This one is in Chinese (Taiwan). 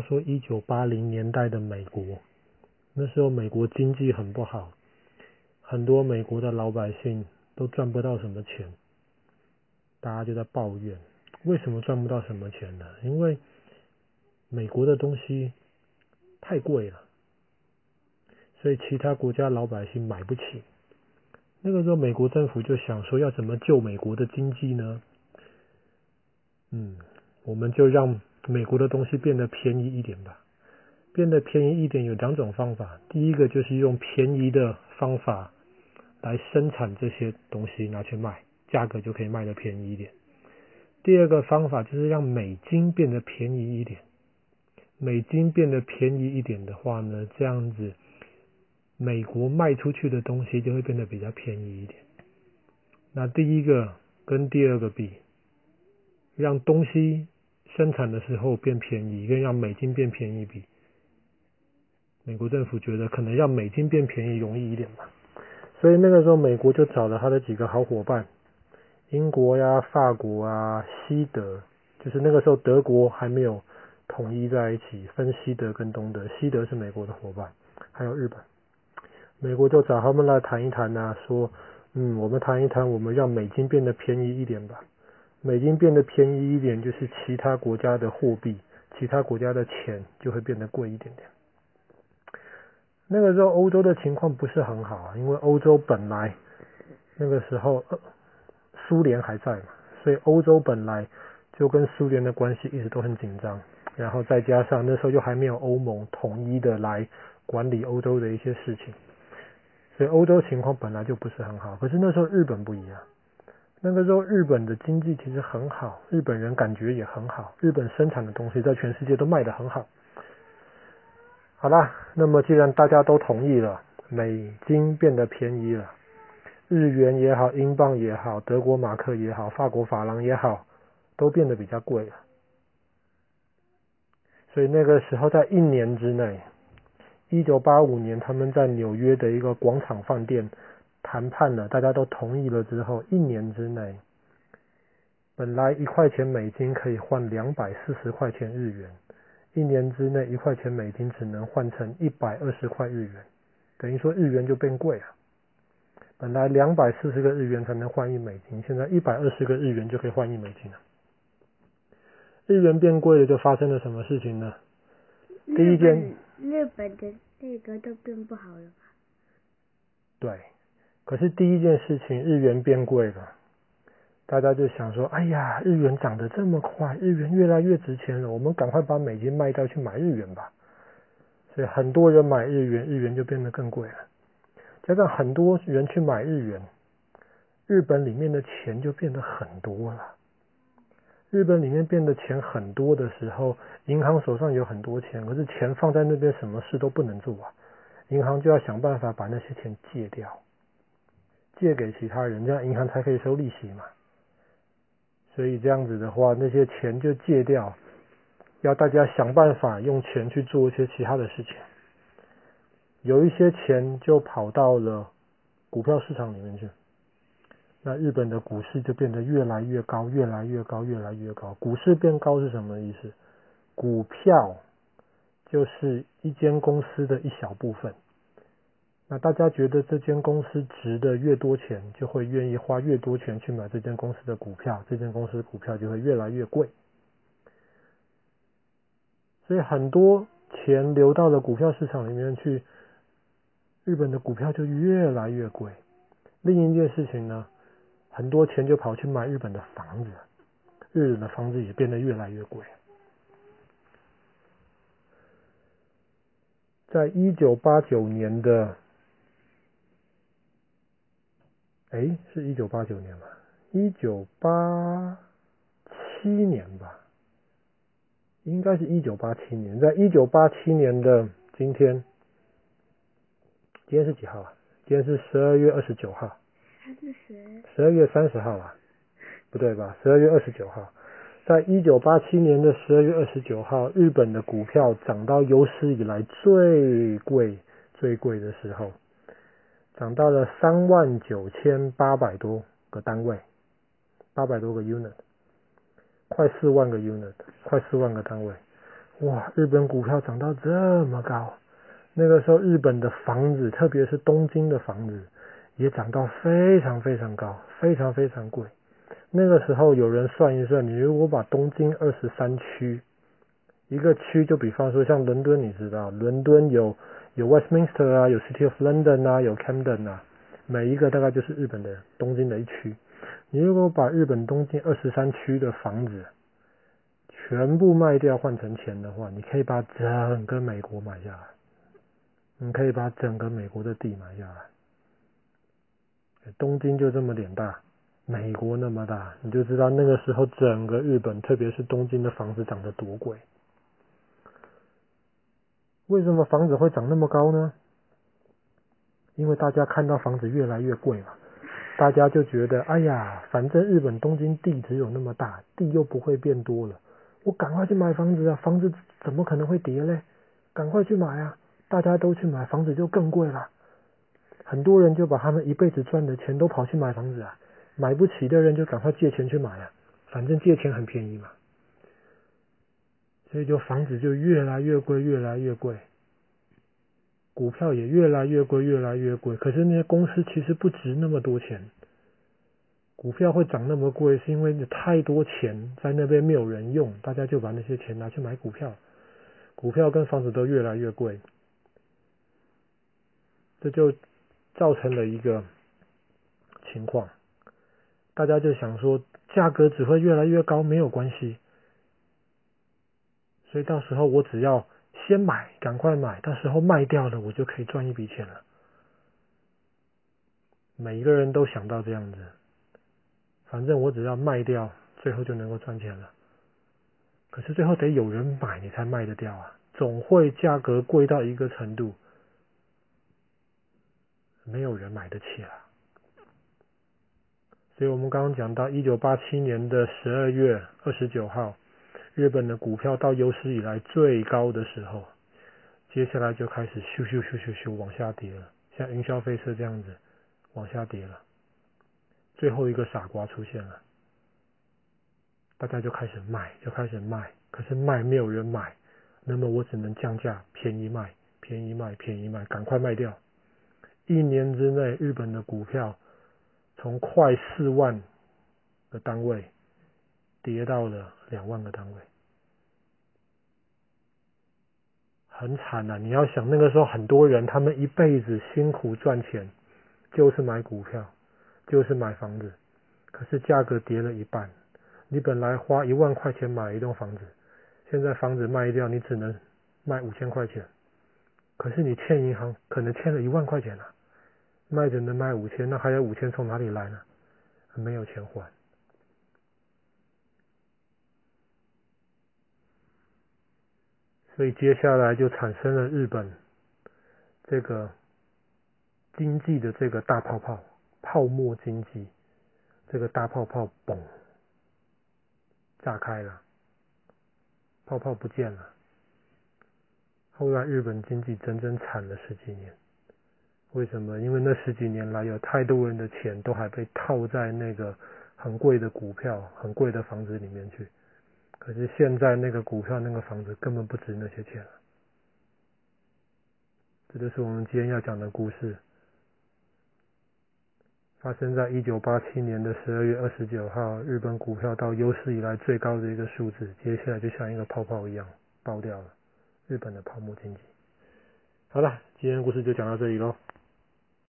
話說一九八零年代的美國，那時候美國經濟很不好，很多美國的老百姓都賺不到什麼錢，大家就在抱怨為什麼賺不到什麼錢呢？因為美國的東西太貴了，所以其他國家老百姓買不起。那個時候，美國政府就想說要怎麼救美國的經濟呢？嗯，我們就讓。美國的東西變得便宜一點吧，變得便宜一點有兩種方法。第一個就是用便宜的方法來生產這些東西拿去賣，價格就可以賣得便宜一點。第二個方法就是讓美金變得便宜一點，美金變得便宜一點的話呢，這樣子美國賣出去的東西就會變得比較便宜一點。那第一個跟第二個比，讓東西。生產的時候變便宜，應該讓美金變便宜比，美國政府覺得可能讓美金變便宜容易一點吧，所以那個時候美國就找了他的幾個好夥伴，英國呀、啊、法國啊、西德，就是那個時候德國還沒有統一在一起，分西德跟東德，西德是美國的夥伴，還有日本，美國就找他們來談一談啊，說嗯，我們談一談，我們讓美金變得便宜一點吧。美金變得便宜一點，就是其他國家的貨幣、其他國家的錢就會變得貴一點點。那個時候歐洲的情況不是很好啊，因為歐洲本來那個時候呃，蘇聯還在嘛，所以歐洲本來就跟蘇聯的關係一直都很緊張。然後再加上那時候就還沒有歐盟統一的來管理歐洲的一些事情，所以歐洲情況本來就不是很好。可是那時候日本不一樣。那個時候，日本的經濟其實很好，日本人感覺也很好，日本生產的東西在全世界都賣得很好。好啦，那麼既然大家都同意了，美金變得便宜了，日元也好，英鎊也好，德國馬克也好，法國法郎也好，都變得比較貴了。所以那個時候，在一年之內，一九八五年，他們在紐約的一個廣場飯店。談判了，大家都同意了之後，一年之內，本來一塊錢美金可以換兩百四十塊錢日元，一年之內一塊錢美金只能換成一百二十塊日元，等於說日元就變貴了、啊。本來兩百四十個日元才能換一美金，現在一百二十個日元就可以換一美金了、啊。日元變貴了，就發生了什麼事情呢？日本，第一件，日本的這個都變不好了吧？對。可是第一件事情，日元變貴了，大家就想說：“哎呀，日元漲得這麼快，日元越來越值錢了，我們趕快把美金賣掉去買日元吧。”所以很多人買日元，日元就變得更貴了。加上很多人去買日元，日本裡面的錢就變得很多了。日本裡面變得錢很多的時候，銀行手上有很多錢，可是錢放在那邊什麼事都不能做啊，銀行就要想辦法把那些錢借掉。借給其他人，這樣銀行才可以收利息嘛。所以這樣子的話，那些錢就借掉，要大家想辦法用錢去做一些其他的事情。有一些錢就跑到了股票市場裡面去，那日本的股市就變得越來越高，越來越高，越來越高。股市變高是什麼意思？股票就是一間公司的一小部分。那大家覺得這間公司值得越多錢，就會願意花越多錢去買這間公司的股票，這間公司的股票就會越來越貴。所以很多錢流到了股票市場裡面去，日本的股票就越來越貴。另一件事情呢，很多錢就跑去買日本的房子，日本的房子也變得越來越貴。在一九八九年的。哎，是1989年吧，1987年吧，應該是1987年。在1987年的今天，今天是幾號啊？今天是十二月二十九號。十二月？三十號啊？不對吧？十二月二十九號。在1987年的十二月二十九號，日本的股票漲到有史以來最貴、最貴的時候。漲到了三萬九千八百多個單位，八百多個 unit，快四萬個 unit，快四萬個單位，哇！日本股票漲到這麼高，那個時候日本的房子，特別是東京的房子，也漲到非常非常高，非常非常貴。那個時候有人算一算，你如果把東京二十三區一個區，就比方說像倫敦，你知道倫敦有。有 Westminster 啊，有 City of London 啊，有 Camden 啊，每一個大概就是日本的東京的一區。你如果把日本東京二十三區的房子全部賣掉換成錢的話，你可以把整個美國買下來，你可以把整個美國的地買下來。東京就這麼點大，美國那麼大，你就知道那個時候整個日本，特別是東京的房子漲得多貴。為什麼房子會漲那麼高呢？因為大家看到房子越來越貴嘛，大家就覺得，哎呀，反正日本東京地只有那麼大，地又不會變多了，我趕快去買房子啊！房子怎麼可能會跌嘞？趕快去買啊！大家都去買，房子就更貴了。很多人就把他們一輩子賺的錢都跑去買房子啊，買不起的人就趕快借錢去買啊，反正借錢很便宜嘛。所以就房子就越來越貴，越來越貴，股票也越來越貴，越來越貴。可是那些公司其實不值那麼多錢，股票會漲那麼貴，是因為有太多錢在那邊沒有人用，大家就把那些錢拿去買股票，股票跟房子都越來越貴，這就造成了一個情況，大家就想說，價格只會越來越高，沒有關係。所以到時候我只要先買，趕快買到時候賣掉了，我就可以賺一筆錢了。每一個人都想到這樣子，反正我只要賣掉，最後就能夠賺錢了。可是最後得有人買你才賣得掉啊，總會價格貴到一個程度，沒有人買得起了啊。所以我們剛剛講到一九八七年的十二月二十九號。日本的股票到有史以來最高的時候，接下來就開始咻咻咻咻咻咻往下跌了，像雲霄飛車這樣子往下跌了。最後一個傻瓜出現了，大家就開始賣，就開始賣，可是賣沒有人買，那麼我只能降價，便宜賣，便宜賣，便宜賣，趕快賣掉。一年之內，日本的股票從快四萬的單位。跌到了兩萬個單位，很慘吶、啊！你要想，那個時候很多人他們一輩子辛苦賺錢，就是買股票，就是買房子，可是價格跌了一半。你本來花一萬塊錢買一棟房子，現在房子賣掉，你只能賣五千塊錢。可是你欠銀行可能欠了一萬塊錢了、啊，賣只能賣五千，那還有五千從哪裡來呢？沒有錢還。所以接下來就產生了日本這個經濟的這個大泡泡，泡沫經濟，這個大泡泡嘣，炸開了，泡泡不見了。後來日本經濟整整慘了十幾年，為什麼？因為那十幾年來有太多人的錢都還被套在那個很貴的股票、很貴的房子裡面去。可是現在那個股票，那個房子根本不值那些錢了。這就是我們今天要講的故事。發生在1987年的12月29號，日本股票到有史以來最高的一個數字，接下來就像一個泡泡一樣爆掉了，日本的泡沫經濟。好了，今天的故事就講到這裡嘍。